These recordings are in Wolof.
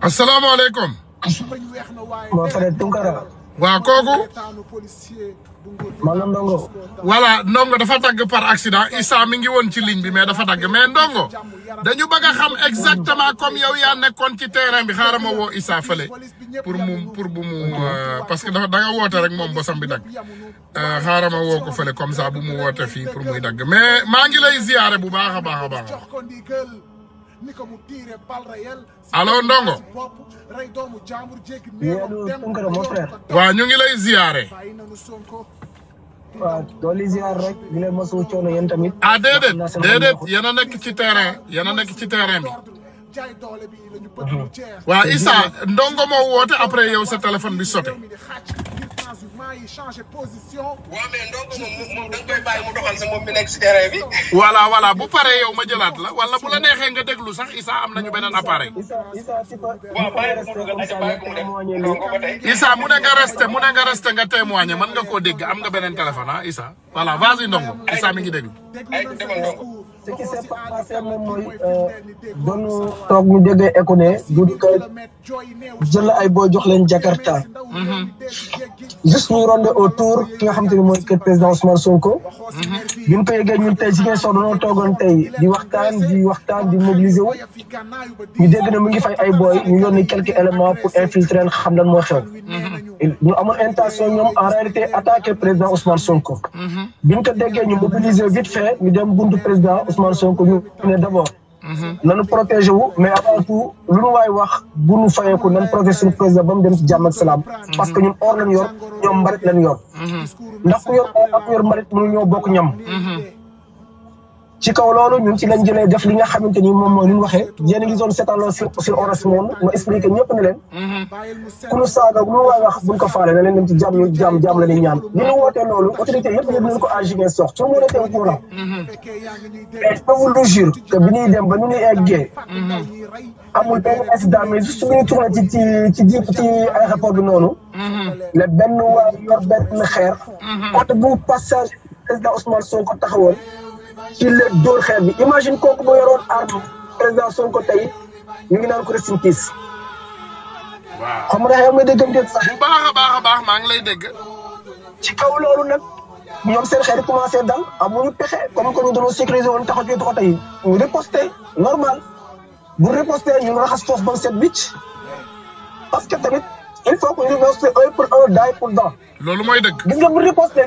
asalaamaaleykum. moo pare Tunkara. waaw kooku. man la dafa dagg par accident Issa mi ngi woon ci ligne bi mais dafa dagg mais Ndongo dañu bëgg a xam exactement comme yow yaa nekkoon ci terrain bi xaaral ma woo Issa fële pour mu pour bu mu euh, parce que dafa da nga rek moom bosam bi dagg euh, xaaral ma woo ko fële bu mu woote fi pour muy dagg mais maa ngi lay ziyaare bu baax a baax a baax. allo Ndongo. waaw ñu ngi lay a waaw doole ziar rek di leen mosu coono yéen tamit. ah déedéet déedéet yéen a nekk ci terrain yéen a ci terrain bi. Mhm. waaw Issa Ndongo moo woote après yow sa téléphone bi sote. changement yi changer position. waaw mais ndongo moom sa moom mi nekk si terrain bi. voilà voilà bu paree yow ma jëlaat la wala bu la neexee nga déglu sax Issa am nañu beneen appareil. waaw bàyyi ko mu mu dem Issa mu ne nga resté mu ne nga resté nga témoigner mën nga koo dégg am nga beneen téléphone ah Issa voilà vas-y ndongo Issa mi ngi déglu. ay ce qui s'est passé euh, toog ñu déggee écho ne du kay jël ay booy jox leen Jakarta. Mhm. juste ñu rondé autour ki nga xam ne mooy kër président Ousmane Sonko. Mhm. bi ñu koy yeggee ñun tey si ngeen soog doonoo toogoon tey di waxtaan di waxtaan di mobiliser wu. ñu dégg ne mu ngi fay ay booy ñu yónni quelques éléments pour infiltrer leen xam lan moo xew. ñu amoon intention ñoom en réalité attaquer président Ousmane Sonko. Mhm. bi ñu ko déggee ñu mobiliser vite fait ñu buntu président Ousmane Sonko ñu ne d'abord. nanu protégé wu mais avant tout lu nu waay wax bu nu fayeeku nan protégé président ba mu dem ci parce que or lañ yor ñoom mbarit lañ yor. Mm-hmm. ndax yor mbarit mënu ñoo bokk ñam. Mm-hmm. ci kaw loolu ñun ci lañ jëlee def li nga xamante ni moom mooy li ñu waxee yéen a ngi doon seetaan sur sur Orange Monde ma expliqué ñëpp ne leen. Mm-hmm. ku ñu saaga lu waay wax buñ ko faale na leen dem ci jàmm ñu jàmm jàmm la ñuy ñaan. bi ñu wootee loolu autorité yëpp yëpp nañ ko à Ziguinchor tout le monde était au courant. Mm-hmm. mais je vous le jure que bi ñuy dem ba ñu ñuy eggee. Mm-hmm. amul benn incident mais juste bi ñu tourné ci ci ci ji ci aéroport bi noonu. la benn waa yor benn xeer. côté bu passage président Ousmane Sonko taxawoon. ci la dóor xeer bi imagine kooku ba yoroon arme président Sonko tey ñu ngi naan ko rest in peace. waaw xam baax a baax a baax maa ngi lay dégg. ci kaw loolu nag ñoom seen xeer commencé dal amuñu pexe comme que ñu doon sécuriser woon taxaw ci taxaw tey ñu riposté normal bu riposté ñu raxas foofu ba mu parce que tamit il faut que ñu riposté un pour un daay pour dent. loolu mooy dëgg. gis bu riposté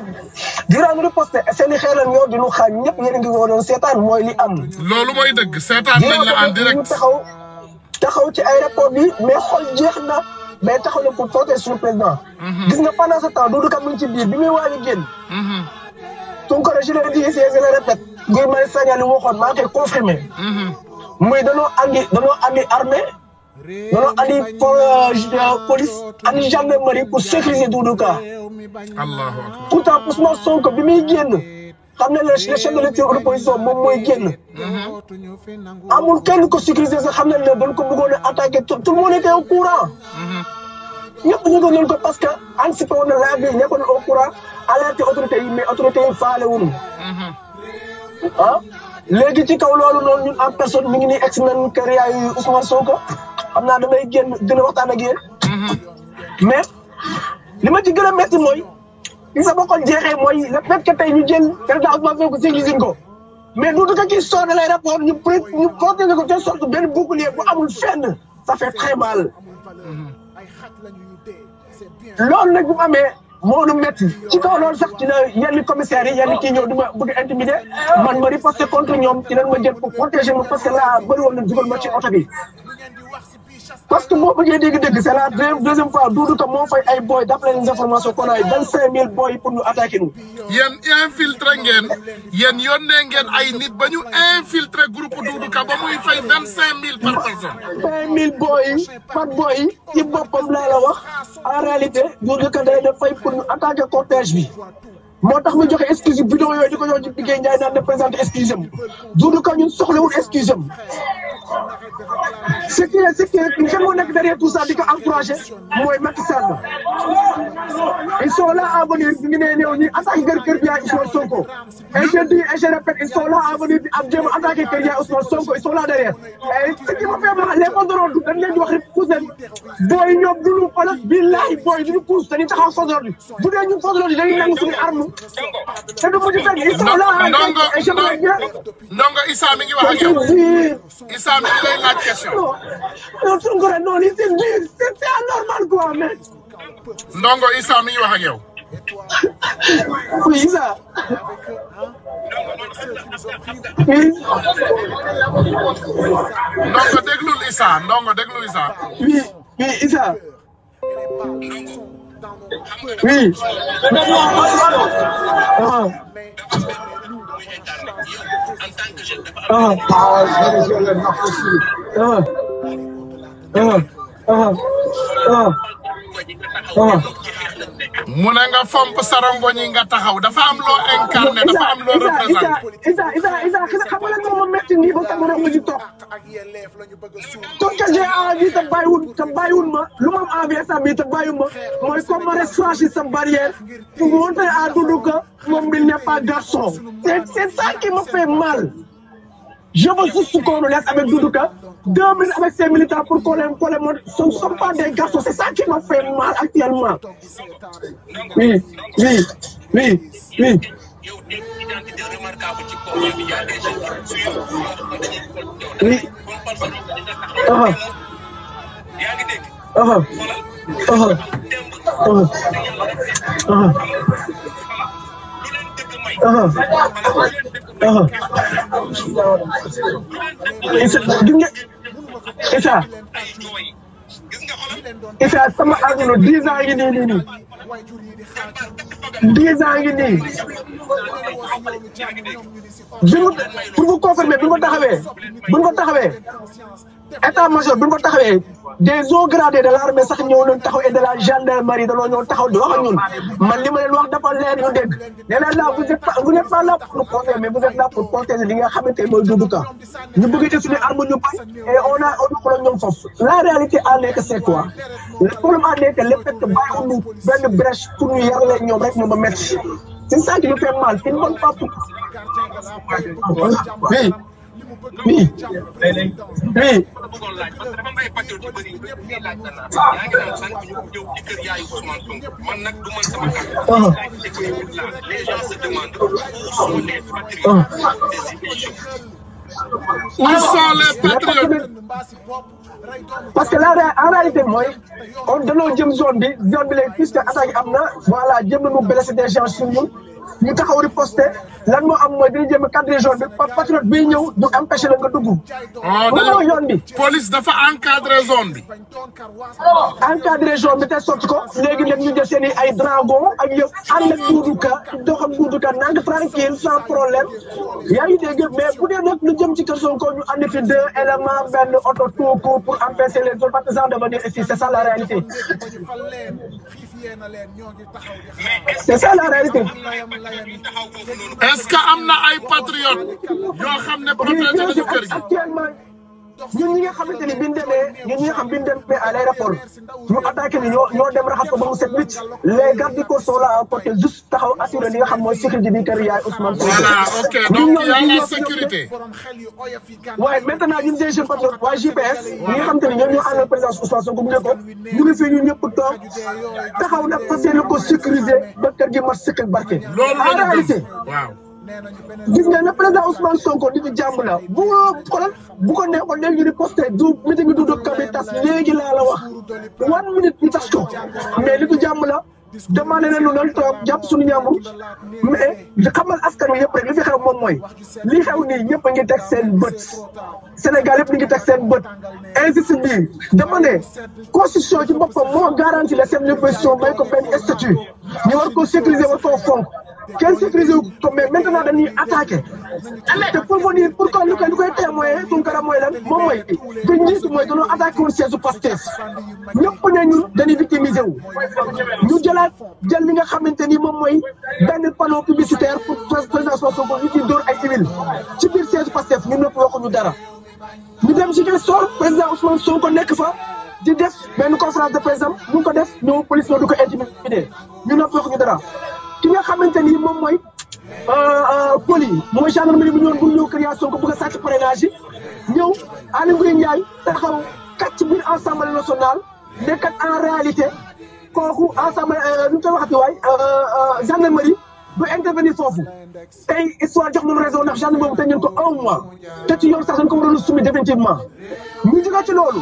durant riposte seen i xeelan ñoo di nu xaañ ñëpp yéen a ngi woonoon seetaan mooy li am. loolu mooy dëgg seetaan nañ la en direct taxaw taxaw ci aéroport bi mais xol jeex na mais taxaw na pour protéger suñu président. Mhm. gis nga pendant ce temps Doudou Ka ci biir bi muy waaj a génn. Mhm. Tounkara je le dis et je le répète. Guy Marius maa ngi koy confirmé. Mhm. muy danoo andi danoo nono andi police andi gendarmerie pour sécuriser Doudou Ka allahu akbar pourtant mhm. mhm. mhm. Ousmane Sonko bi muy génn xam ne le chef de l'opposition opposition moom mooy génn amul kenn ko sécuriser sax xam ne le dañ ko bëggoon a attaqué tout le monde était au courant ñëpp yëgoon nañ ko parce que anticipé woon na laa bi nekkoon au courant alerté autorité yi mais autorité yi faale wuñu ah léegi ci kaw loolu noonu ñun en personne mi ngi nii ex nañ kër yaayu Ousmane Sonko xam naa damay génn dina waxtaan ak yéen. Mm-hmm. mais li ma ci gën a métti mooy li sa bokkoon jeexee mooy le fait que tey ñu jël président Ousmane Sonko si ko. mais du ko kii sonné lay rapport ñu pré ñu protéger ko te sorte benn bu amul fenn ça fait très mal. loolu nag bu mu amee moo nu métti ci kaw loolu sax dina yenn commissaires yi yenn kii ñëw di ma bëgg a intimider man ma riposter contre ñoom dinañ ma jël pour protéger ma parce que laa bëri woon na dugal ma ci oto bi. parce que moo bëggee dégg-dégg c'est la deuxième fois Doudou Ka moo fay ay boy d'après les informations qu'on a cinq mille boy pour ñu attaquer ñu. yéen infiltré ngeen yéen yónnee ngeen ay nit ba ñu infiltré groupe Doudou Ka ba muy fay vingt cinq mille par personne. cinq mille boy boppam laa wax en réalité Doudou Ka day def fay pour ñu attaquer cortège bi. moo tax mu joxe excuse bidon yooyu di ko jox ci Bigué Ndiaye naan ne présenté excuse am Doudou Ka ñun soxlawul excuse ce qui est ce qui est kan moo nekk derrière tout ça di ko encouragé mooy Macky Sall ils sont là à venir ñu ne néew ñi attaqué kër kër yaay Ousmane Sonko et je dis et je répète ils sont là à venir di ab jéem a attaqué kër yaay Ousmane Sonko ils sont là derrière et ma fait wax les forces de l'ordre dañ wax rek pousse booy ñoom du ñu billahi booy du ñu pousse dañuy taxaw forces bu dee ñun forces de l'ordre dañuy nangu suñu arme te du fekk ils sont là à ndongo ndongo Issa mi ngi Dame day laaj question. non Tounkara non lii c'est c'est anormal quoi mais. Ndongo Issa mi ñu wax ak yow. oui Issa. Ndongo déglul Issa Ndongo déglul Issa. oui oui Issa. oui. Ah, ah, Venezuela é possível. Ah, ah, ah, ah. nga fomp sarangoñ yi nga taxaw dafa am loo incarné dafa am loo représenté isa isa isa xam nga lan moo metti nii ba sama réew ji toog comme que j'ai envie te bàyyiwul te ma lu ah, ma am envie instant bii te bàyyiwul comme ma rek sa barrière pour montrer à que il pas garçon c'est ça qui me fait mal Je veux juste qu'on laisse avec Doudouka, deux minutes avec ces militaires pour qu'on les, monde. Ce ne sont pas des garçons, c'est ça qui m'a fait mal actuellement. Oui, oui, oui, oui. Oui. Ah. Ah. Ah. Ah. Ah. ah. ah, ah. gis nga Issa Issa sama àdduna dix ans ngi nii nii nii dix ans ngi nii bi mu pour vous confirmer bi mu taxawee bi mu taxawee état-major bi ñu ko taxawee des hauts gradés de l'armée sax ñëw nañ taxaw et de la gendarmerie dañoo ñëw taxaw di wax ak ñun man li ma leen wax dafa leer ñu dégg nee naa la vous êtes pas vous n'êtes pas là pour protéger mais vous êtes là pour protéger li nga xamante mooy Doudou Ka ñu bëgg ci suñu arme ñu bay et on a on a ñoom foofu la réalité en est que c'est quoi le problème en est que le fait que bàyyiwuñu benn brèche pour ñu yar leen ñoom rek moom a métti c'est ça qui nous fait mal une bonne fois pour oui nii tey. Où sont les ah. patriotes? parce que la en réalité mooy on danoo jëm zone bi zone bi léegi puisque attaque am na voilà jëm nañu blessé des gens sur ñun. ñu taxaw riposte lan moo am mooy dañu jéem a cadre jaune bi patriote bi ñëw du empêché la nga dugg. waaw ah, bi. police dafa encadré zone bi. encadré zone bi te sot ko léegi nag ñu def seen i ay dragon ak yëf ànd ak Doudou Ka yaa ngi dégg mais bu dee nag lu jëm ci kër Sonko ñu andi fi deux éléments benn oto tout court pour empêcher les autres partisans de venir ici c'est ça la c'est la réalité est-ce que am na ay patriote yoo xam ne protéger nañu kër gi ñun ñi nga xamante ni bi ñu demee ñun ñi nga xam bi ñu demee à l'aéroport ñu attaqué ni ñoo ñoo dem raxas ko ba mu set wicc les gardes du corps sont là à côté juste taxaw assuré li nga xam mooy sécurité bi kër yaay Ousmane Sonko. voilà ok donc y a la sécurité. waaye maintenant ñun DG Patriote waa GPS ñi nga xamante ni ñoom ñoo àndal présidence Ousmane Sonko mu ne ko mu ne fii ñun ñëpp toog taxaw nag fas yéene ko sécuriser ba kër gi mat sëkkal barke. loolu la ñu gëm waaw. gis nga ne président Ousmane Sonko nit ñi jàmm la bu xoolal ko neexoon léegi ñu di posté du meeting bi Doudou Ka tas léegi laa la wax one minute ñu tas ko mais nit ñi jàmm la demandé leen lu doon toog jàpp suñu ñàmbur mais xamal askan wi yëpp rek li fi xew moom mooy li xew nii ñëpp a ngi teg seen bët Sénégal yëpp ñu ngi teg seen bët injustice bi dama ne constitution ci boppam moo garanti la chef de l'opposition may ko benn statut. ñu war ko sécuriser war koo fonk kenn sécuriser wu ko mais maintenant dañuy attaqué te pour mu nii pour que lu koy lu koy témoigner Tounkara mooy lan moom mooy te njiitu mooy dañoo attaqué woon siège su Pastef ñëpp ne ñun dañuy victimiser wu ñu li nga xamante ni moom mooy benn panneau publicitaire pour président Sonko ñu ciy dóor ay civil ci biir siège su Pastef ñun ñëpp dara ñu dem si Ziguinchor président soo Sonko nekk fa. di def benn conférence de presse am mu ngi ko def ñëw police ñoo du ko intimider ñu ne dara ki nga xamante ni moom mooy euh, euh, poli yi mooy gendarmerie bu ñëwoon bu ñëw création ko bëgg a sàcc parrainage yi ñëw Aly Ngouille Ndiaye taxaw kat ci biir assemblée nationale nekkat en réalité kooku assemblée euh, nu ñu koy waxati waay gendarmerie du intervenir foofu tey histoire jox moom raison ndax gendarmerie bu tey ngeen ko un mois te ci yoon sax dañ ko waroon a soumis définitivement ñu jógee ci loolu.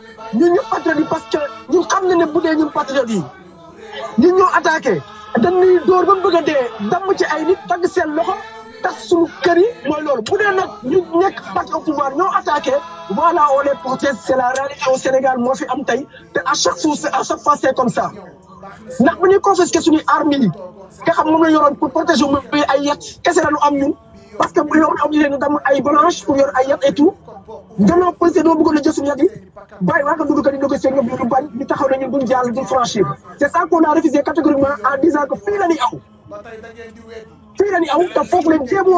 ñun ñu patriote yi parce que ñun xam na ne bu dee ñun patriote di ñun ñoo attaqué dañuy dóor ba mu bëgg a dee ci ay nit dagg seen loxo tas suñu kër yi mooy loolu bu dee nag ñu nekk parti au pouvoir ñoo attaqué voilà on est protège c'est Sénégal moo fi am tey te à chaque fois à chaque fois c'est comme ça ndax bu ñuy confisqué suñuy armes yi nga xam moom la yoroon pour protéger mu ay yet kese la lu am ñun parce que bu yoon obligé ñu dem ay branche pour yor ay yat et tout gannaaw policier dama bëggoon a jël suñu yat bàyyi waa ko dugg kat yi négocier ñoom ñu bañ ñu taxaw nañu duñ jàll duñ franchir c' est ça qu' on a refusé catégoriquement aw fii aw te foofu lañ aw.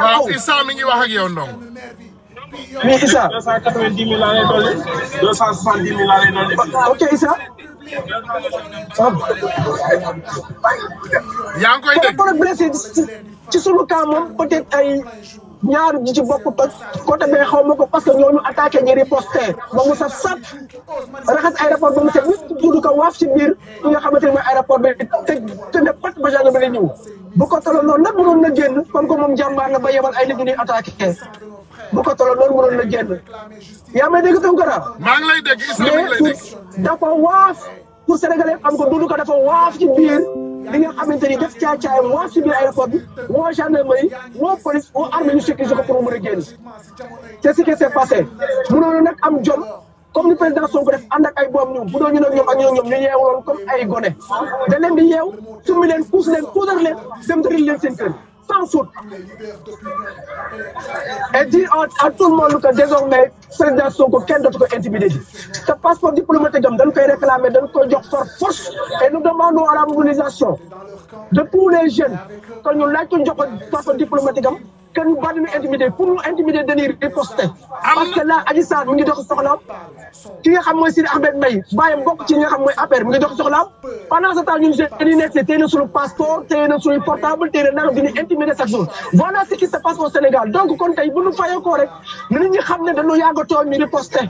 waaw Issa ok Issa. ci suñu cas moom peut-être ay ñaar ji ci bokk toj côté bee xaw ma ko parce que ñooñu attaqué ñi riposté ba mu saf saf raxas aéroport ba mu set ñëpp duudu ko waaf ci biir ñi nga ne mooy aéroport te te ne bu ko tolloon noonu nag mënoon na génn kon ko moom jàmbaar la ba yebal ay nit ñuy attaqué bu ko tolloon noonu mënoon na génn yaa may dégg Tounkara maa ngi lay dafa waaf pour sénégalais am ko duudu ko dafa waaf ci biir bi nga xamante ni def caacaay moo si biir aéroport bi moo gendarmerie moo police moo armée ñu sécuriser ko pour mu mën a génn c'est ce nag am jom comme ni président Sonko def ànd ak ay boom ñoom bu doon ñu ne ñoom ak ñoom ñu comme ay gone da leen di yeew summi leen puus leen puudar leen dem tëral leen seen sans Et dit à, tout le monde que désormais président Sonko kenn dootu pas intimider ji passeport diplomatique nous le réclame, réclamer nous koy jox force et nous demandons à la mobilisation de tous les jeunes que nous laaj ko passeport diplomatique que ñu bañ ñu intimider pour ñu intimider dañuy riposter. parce que là Adji Sarr mi ngi dox soxlaam. ki nga xam mooy Sidi Ahmed Mbaye bàyyam bokk ci nga xam mooy affaire mi ngi dox soxlaam. pendant ce temps ñun jeunes yi nekk si téye na suñu passeport téye na suñu portable téye na nangam di ñu intimider chaque jour. voilà ce qui se passe Sénégal donc kon tey bu ñu fayoo ko rek nit ñi xam ne dañoo yàgg a tooñ ñu riposter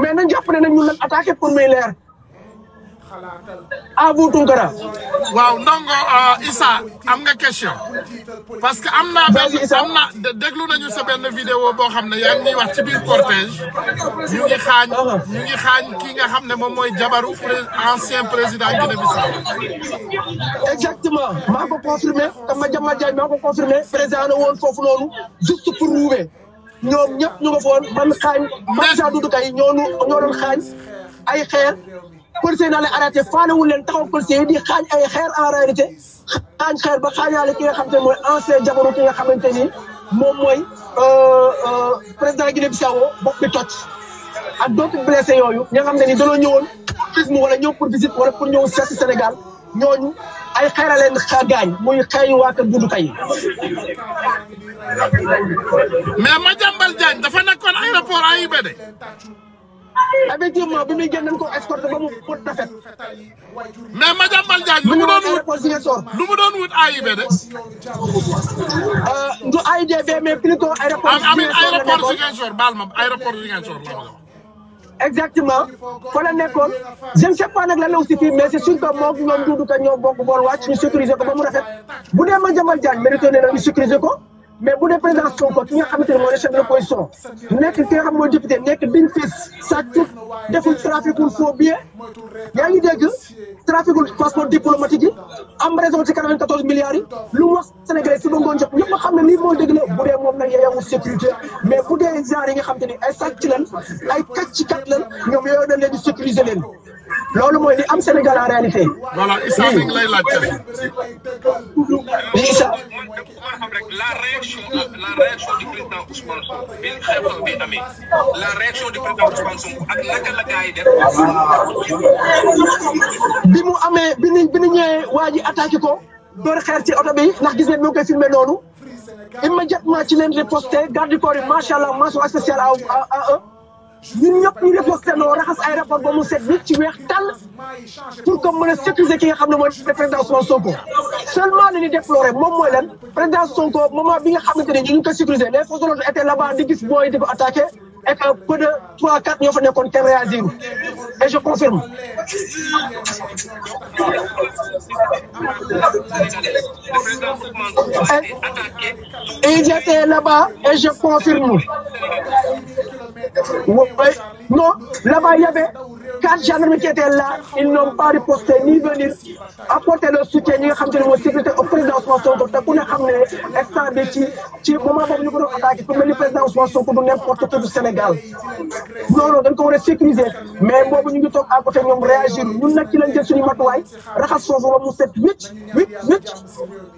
mais nañ jàpp ne nañ ñu leen attaqué pour Abou Tounkara. waaw ndongo euh, Issa am nga question parce que am naa benn am na déglu nañu sa benn vidéo boo xam ne yaa ngi wax ci biir cortège ñu ngi xaañ ah. ñu ngi xaañ kii nga xam ne moom mooy jabaru ancien président Guinée-Bissau. exactement maa ko confirmé Kama Jamal Diagne ko confirmé président woon foofu noonu juste pour ruubee ñoom ñëpp ñu nga foon man xaañ. mais man Kay ñoo ñu xaañ ay xeer. conseil na leen arrêté faalewul leen taxaw conseil di xaañ ay xeer en réalité xaañ xeer ba xaañaale ki nga xam te mooy ancien jabaru ki nga xamante ni moom mooy président Guinée Bissau bopp bi toj ak d'autres blessés yooyu ñi nga xam ne ni dañoo ñëwoon tourisme wala ñëw pour visite wala pour ñëw seet Sénégal ñooñu ay xeera leen xa gaañ muy xeey waa kër Doudou Ka yi mais Madiambal Diagne dafa nekkoon aéroport AIBD effectivement bi muy génn nañ ko escorté ba mu pour rafet. mais Madiambal Diagne lu mu doon wut lu mu doon wut AIBD. Euh, du AIBD mais plutôt aéroport. amiin aéroport Ziguinchor baal ma aéroport Ziguinchor la ma exactement fa la nekkoon je ne sais pas la aussi fii mais c'est sûr que moom ñoom Doudou ñoo bokk bool wàcc ñu sécuriser ko ba mu rafet bu dee Madiambal Diagne mérité na ñu sécuriser ko. mais bu dee président Sonko ki nga xamante ne mooy chef de l'opposition nekk ki nga mooy député nekk bin fis sàccul deful traficul faux yaa ngi dégg traficul passeport diplomatique yi am raison ci 94 milliards lu wax Sénégalais si ba ngoon jot ñëpp xam ne lii mooy dëgg la bu dee moom nag yow sécurité mais bu dee genre yi nga xamante ay sàcc lan ay kàccikat lan ñoom yooyu dañ leen di leen loolu mooy li am Sénégal en réalité. bi xew bi amee la réaction du mu amee bi ni bi ni ñëwee waa ji attaqué ko door ci oto bi ndax gis ngeen mi ngi koy filmé noonu immédiatement ci leen riposté garde du corps yi macha allah mention spéciale à à à ñun ñëpp ñu riposté noo raxas aéroport ba mu nit ci weex tàll pour que mën a sécuriser ki xam ne mooy président Ousmane Sonko seulement li ñu déploré moom mooy lan président Sonko moment bi nga xamante ne ñu ngi ko sécuriser les forces de l'ordre di gis booy di ko attaqué et que peu de 3 4 ñoo fa nekkoon te réagir et je confirme. et ils étaient là-bas et je confirme. non là-bas il y avait. quatre gendarmes qui étaient là, ils n'ont pas riposté ni venu apporter le soutien ñi nga o te ne mooy sécurité au président Ousmane Sonko te ku ne xam ne instant bi ci ci que boobu ñu está aqui, attaqué ku mel ni président Ousmane Sonko du n'importe qui du Sénégal loolu dañ ko war a sécuriser mais boobu ñu ngi toog à côté ñoom réagir ñun nag ci lañ jël suñu matuwaay raxas foofu ba mu set huit huit huit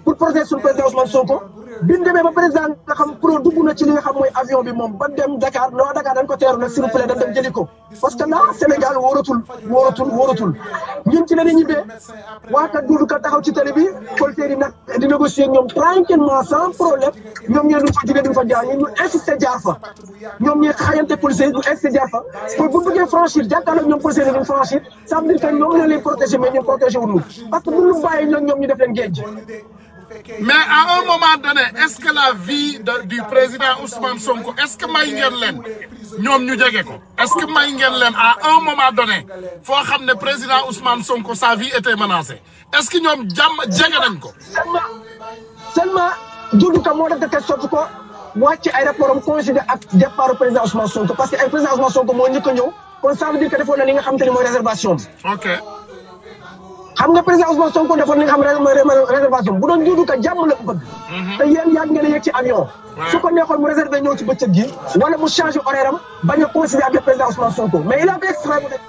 pour protéger suñu président Ousmane Sonko biñ demee ba président nga xam kuréel dugg ba dem Dakar non Dakar dañ teeru nag s'il vous plaît dañ dem parce que là Sénégal wóoratul wóoratul wóoratul ñun ci ñibbee waa kat Doudou Ka taxaw ci télé bi nag di négocier ak ñoom tranquillement sans problème ñoom ñoo duñ fa jógee fa jaar ñoom ñuy xayante policiers yi ñu insisté jaar fa pour ñoom policiers yi duñ franchir ça veut ñoom ñoo leen protégé mais ñun parce que bu ñu bàyyi ñoom Mais à un moment donné, est-ce que la vie de, du président Ousmane Sonko, est-ce que may ngeen leen ko est-ce que may ngeen à un moment donné savoir que le président Ousmane Sonko sa vie était menacée est-ce que nous jam jege ko. seulement je ne Ka pas def de telle sorte ko wàcc aéroport je coïncider ak départ président Ousmane Sonko parce que le président Ousmane Sonko moo njëkk a ñëw kon ça veut dire que le na nga réservation ok. xam nga président Ousmane Sonko defoon li nga xam réservation bu doon Doudou Ka jàmm la ko bëgg. Mhm. te yéen yàgg ngeen a ci avion. su ko neexoon mu réservé ñëw ci bëccëg gi. wala mu changé horaire am bañ a coïncider ak président Ousmane Sonko mais il a fait exprès mu def.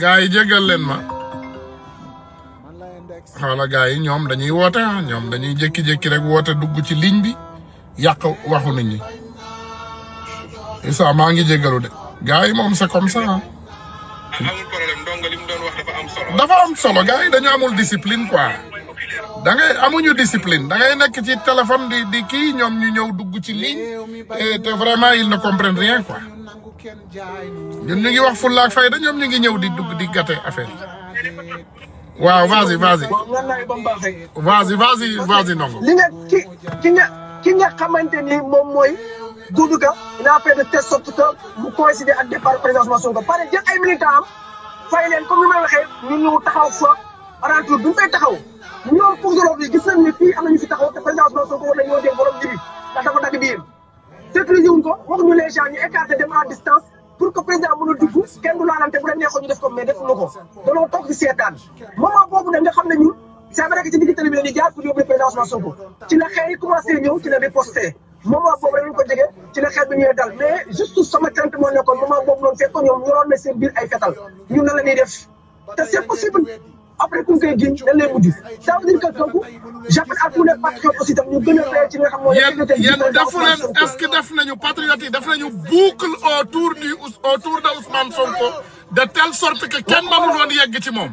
gars yi jégal leen ma xoola gars yi ñoom dañuy woote ah, ñoom dañuy jékki-jékki rek woote dugg ci ligne bi yàq waxu nit ñi Issa maa ngi jégalu de gars yi moom c'est comme ça. Ah. dafa am solo gars yi dañu amul discipline quoi da ngay amuñu discipline da ngay nekk ci téléphone di di kii ñoom ñu ñëw dugg ci ligne te vraiment ils ne comprennent rien quoi ñun ñu ngi wax fulla ak fayda ñoom ñu ngi ñëw di dugg di gàtte affaire waaw vas-y vas-y vas-y vas-y vas-y Ndongo li nga ki ki nga ki nga xamante ni moom mooy Doudou Ka il a fait de telle sorte que mu coïncider ak départ président Sonko pare jël ay militant am fay leen comme ni may waxee ñu taxaw fa alentour bi ñu taxaw ñoom pour de yi gis nañ ni am nañu fi taxaw te président Ousmane Sonko war nañu wootee borom ji bi ndax dafa dagg biir sécuriser wuñ ko wax ñu les ñu écarté dem à distance pour que président mën a dugg kenn du laalante bu leen neexoon ñu def ko mais defuñu ko danoo toog di seetaan moment boobu nag nga xam ne ñun c'est vrai que ci digg télé bi la ñuy jaar pour yóbbu président Ousmane Sonko ci moment boobu lañ ko jege ci la xeet bi ñuy dal mais juste sama tante moo nekkoon moment boobu noonu fekk ko ñoom ñoroon na seen biir ay fetal ñun na la ñuy def te c'est possible après ku ñu koy giñ dañ lay mujj ça veut dire que kooku j'appelle à tous les patriotes aussi tam ñu gën a fee ci nga xam mooy. yéen defu leen est-ce que def nañu patriotes yi def nañu boucle autour du autour de Ousmane Sonko de telle sorte que kenn mënul woon yegg ci moom.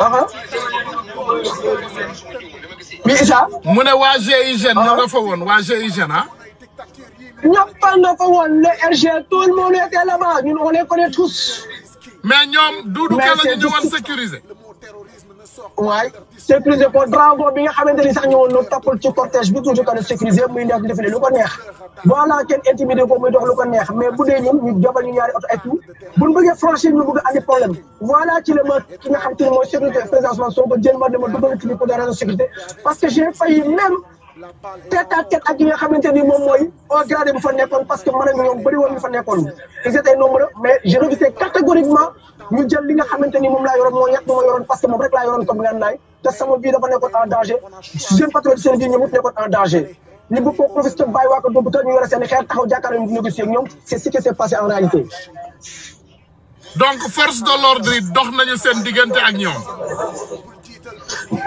Uh-huh. mi mu ne waa GIGN ñoo uh-huh. nga fa woon waa GIGN ah. ñëpp a nga fa woon le RG tout le monde était là-bas ñun on les connaît tous. mais ñoom Doudou Ka la ñu ñëwoon sécuriser. waaye sécuriser ko drapeau bi nga xamante ni sax ñëwoon na toppal ci cortège bi toujours que ne sécuriser muy nekk defile neex voilà kenn intimidé ko muy dox lu neex mais bu dee ñun ñu jobal ñu ñaari oto tout bu ñu bëggee franchir ñu bëgg andi problème voilà ci la ma ki nga xam sécurité présentement soo ko jël ma dama dugal ci li ko sécurité parce que j'ai failli même tête à tête ak yi nga xamante ni moom mooy au grade fa nekkoon parce que man ak ñoom bëri nga xamante ni moom laa yoroon moo ñett moo yoroon parce que moom rek laa yoroon comme ngaan te sama bii dafa nekkoon en danger jeune patriote seen bii ñoom nekkoon en danger ñu bëgg koo professeur bàyyi waa ko boobu te ñu taxaw jàkkaarloo di négocier ñoom c'est ce qui s'est passé en réalité donc force de l'ordre dox nañu seen diggante ak ñoom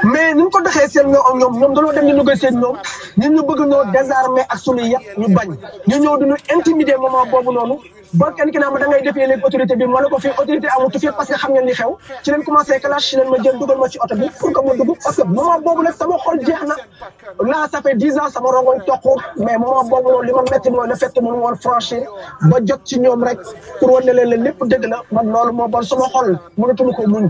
mais ni ñu ko doxee seen ñoom ñoom dañoo dem ñu négocier seen ñoom ñun ñu bëgg ñoo désarmer ak sunu yàq ñu bañ ñu ñëw duñu intimider moment boobu noonu ba kenn ki naa ko fii autorité amatu fii parce que xam ngeen li xew ci leen commencé clash ci leen ma sama xol jeex na là ça fait dix ans sama rongoñ toq mais boobu noonu li ma métti mooy le fait que mënu ba jot ci ñoom rek pour wane leen lépp dëgg la man loolu moo bon sama xol mënatuñu ko muñ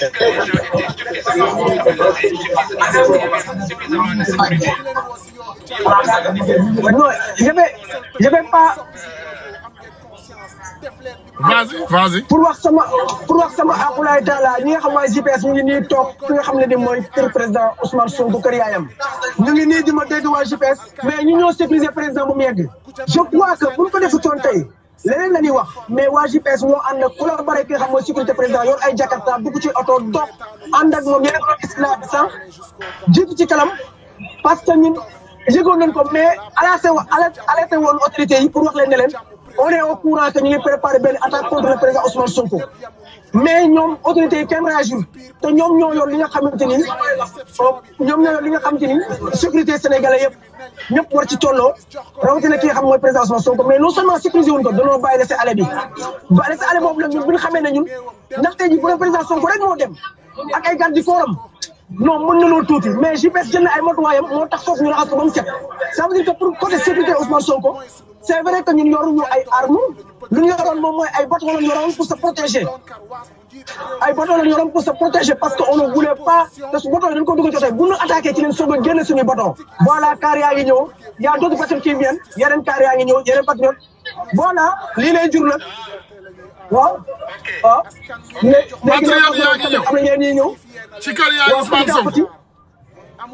est-ce que vous avez suffisamment de sécurité Non, je vais, je vais pas. vas-y vas-y pour wax sama pour wax sama akulaay taala ñi nga xam waaye GPS ñu ngi nii toog ki nga xam ne di mooy kër président Ousmane Sonko kër yaayam ñu ngi nii di ma dégg waa GPS mais ñu ñoo sécuriser président ba mu yegg je crois que bu ñu ko defutoon tey leneen la ñuy wax mais waa JPS moo ànd ak collaboré ki nga xam sécurité président yor ay jakarta dugg ci oto dox ànd ak moom yeneen loolu isla bi ci kalam parce que ñun yëgoon nañ ko mais alerté wa alerté woon autorité yi pour wax leen ne leen courant que ñu ngi préparé benn attaque contre le président Ousmane Sonko mais ñoom autorité yi kenn réagir te ñoom ñoo yor li nga xamante ni ñoom ñoo yor li nga xamante ni sécurité sénégalais yëpp ñëpp war ci tolloo rawatina ki nga xam mooy président Ousmane Sonko mais non seulement sécuriser wuñ ko dañoo bàyyi laisser aller bi ba laisser aller boobu nag ñun bu ñu xamee ne ñun ndaxte ji bu président Sonko rek moo dem ak ay garde du corps am non mën na noo tuuti mais JPS jël na ay matuwaayam moo tax foofu ñu raxas ko ba mu set ça veut dire que pour côté sécurité Ousmane Sonko c' est vrai que ñun yoruñu ay armes lu ñu yoroon moom mooy ay bateau la ñu yoroon pour se protéger ay bateau la ñu yoroon pour se protéger parce que on ne voulait pas te su bateau dañ ko dugg jotee bu ñu attaqué ci leen soog a génn suñu bateau voilà kaar yaa ngi ñëw y' a d' autres personnes qui viennent yeneen kaar yaa ngi ñëw yeneen patriotes voilà lii lay jur nag. waaw waaw. matériel yaa ngi ñëw am na ñeneen ñi ñëw. ci kër yaa ngi Ousmane Sonko.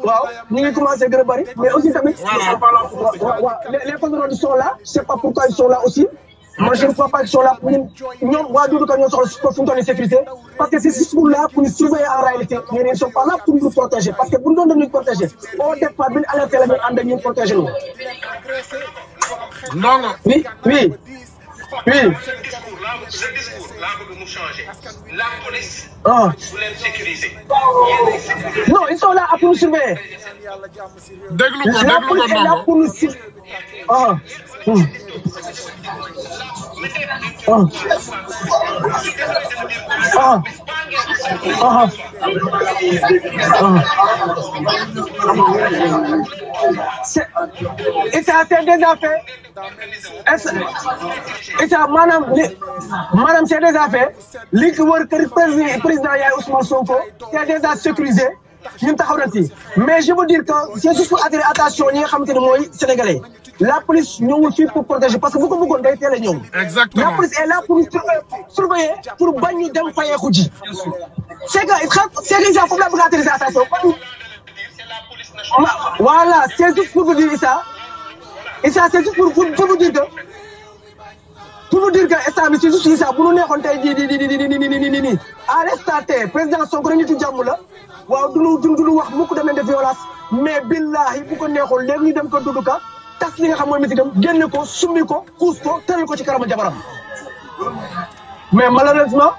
waaw ñu ngi commencé gën a bëri mais aussi tamit. voilà waaw les forces de sont là je sais pas pourquoi ils sont là aussi. moi je ne crois pas qu'ils sont là pour ñun ñoom waa Doudou Ka ñoo soxla pour fu ñu toll sécurité parce que c'est juste pour là pour ñu surveiller en réalité mais ils ne sont pas là pour nous protéger parce que bu ñu doon doon ñu protéger au départ bi ñu alerté la ñu ànd ak ñu protéger ñu. ndongo. oui oui. oui. discours La police, ah. Non, ils sont là à nous surveiller. Ah. Ah. Ah. ah des affaires. état maanaam maanaam c'est des affaires li ko wër président Yaya Ousmane Sonko c'est déjà sécurisé mais je veux dire que c'est juste pour attirer attention ñi nga sénégalais la police nous suit pour protéger parce que bu ko bëggoon day exactement la police est là pour surveiller pour bannir ñu dem fayeeku c'est que c'est que foofu laa bëgg a attirer attention voilà, c'est juste pour vous dire ça. Et ça, c'est juste pour, vous dire que. Pour vous dire que c'est ça. Pour nous, dit, président nous mais billahi beaucoup dit que mais malheureusement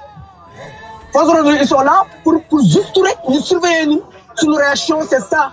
sont là pour juste surveiller sur nos réactions, c'est ça.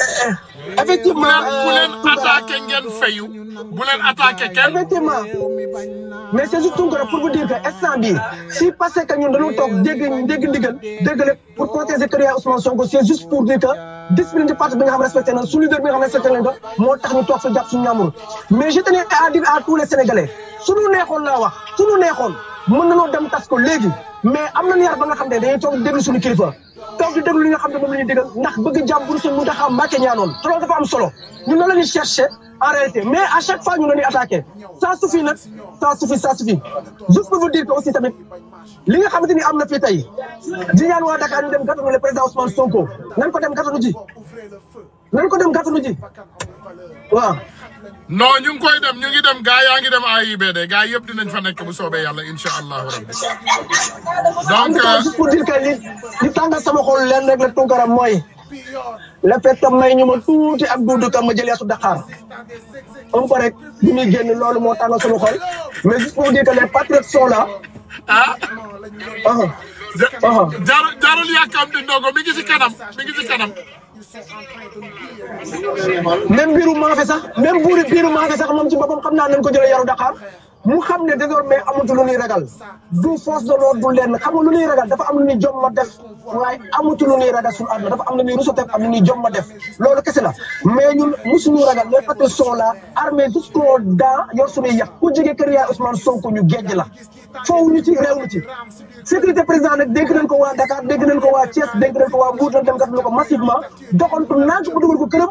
Eh, eh. effectivement bu leen attaqué ngeen fayu bu kenn. effectivement mais c'est juste Tounkara pour vous dire que instant bii si parce que ñun toog dégg dégg ndigal dégg lépp pour protéger kër yaa Ousmane Sonko c'est juste pour dire que discipline de parti bi nga xam respecté na suñu bi nga xam respecté nañ ko moo tax ñu toog sa jàpp suñu ñaamur mais je tenais à dire à tous les Sénégalais suñu neexoon laa wax suñu neexoon mën nañoo dem tas ko léegi mais am na yar ba nga xam ne dañuy toog déglu suñu kilifa. toog di déglu li nga xam ne moom la ñu digal ndax bëgg jàmm bu ñu seen Muntaxa Mbàkke ñaanoon te loolu solo ñun noonu la ñuy chercher en mais à chaque fois ñu leen di attaqué ça suffit nag ça suffit ça suffit juste pour vous dire que aussi tamit li nga xamante ni am na fii tey di ñaan waa Dakar ñu dem gàttanu le président Ousmane Sonko nan ko dem gàttanu ji nan ko dem gàttanu ji waaw. non ñu ngi koy dem ñu ngi dem gaa yaa ngi dem AIBD gaa yëpp dinañ fa nekk bu soobee yàlla incha allahu rabbi donc pour euh, dire que li li tàngal sama xol rek la tunkaram mooy le fait que may ñu ma tuuti ak duudu kam ma jëlee a Dakar am ko rek bi muy génn loolu moo tàngal sama xol mais juste pour dire que les patriotes sont là ah uh-huh. Uh-huh. jarul jarul yàkkam di ndogo mi ngi ci kanam mi ngi ci kanam même biiru maafe sax même buuri biiru maafe sax moom ci boppam xam naa nañ ko jëlee yaru Dakar mu xam ne désormais amatul lu ñuy ragal du force de l'ordre du lenn xam nga lu ñuy ragal dafa am lu ñuy jom def waaye amatul lu ñuy ragal suñu àdduna dafa am lu ñuy rusatef am lu ñuy jom ma def loolu kese la mais ñun musuñu ragal les patriotes sont là armés jusqu'aux dents yor suñuy yàq ku jege kër yaay Ousmane Sonko ñu géej la foofu ñu ci réew ñu ci sécurité président nag dégg nañ ko waa Dakar dégg nañ ko waa Thiès dégg nañ ko waa Mbour dem kat lu ko massivement doxantu naag ba dugal këram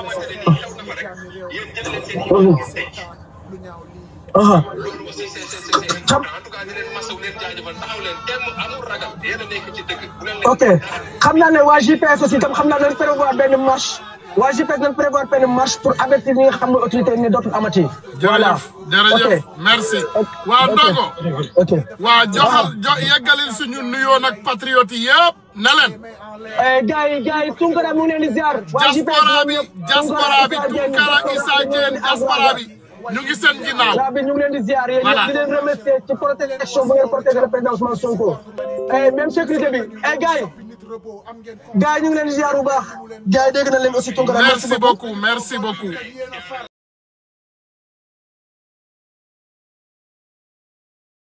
ah. ok xam naa ne waa JPS aussi tam xam naa ne prévoir benn marche. waa JPEG nañ prévoir benn marche pour avertir ñi nga xam mooy autorité yi ne dootul amati. voilà Obrigado. merci. waa Ndogo. ok waa joxal jo yeggalil suñu nuyoo nag patriote yëpp ne leen. Eh, gars yi gars yi Tunkara mu ngi leen di ziar. waa JPEG diaspora bi diaspora bi Tunkara Issa Diène diaspora bi. ñu ngi seen ginnaaw bi ñu ngi leen di ziar yéen ñëpp di leen remercier ci protection bu ngeen protéger le président Ousmane Sonko. Eh, même sécurité bi eh, gars yi. gars yi ñu ngi leen di ziar bu baax gars yi dégg na leen aussi Tounkara merci beaucoup merci beaucoup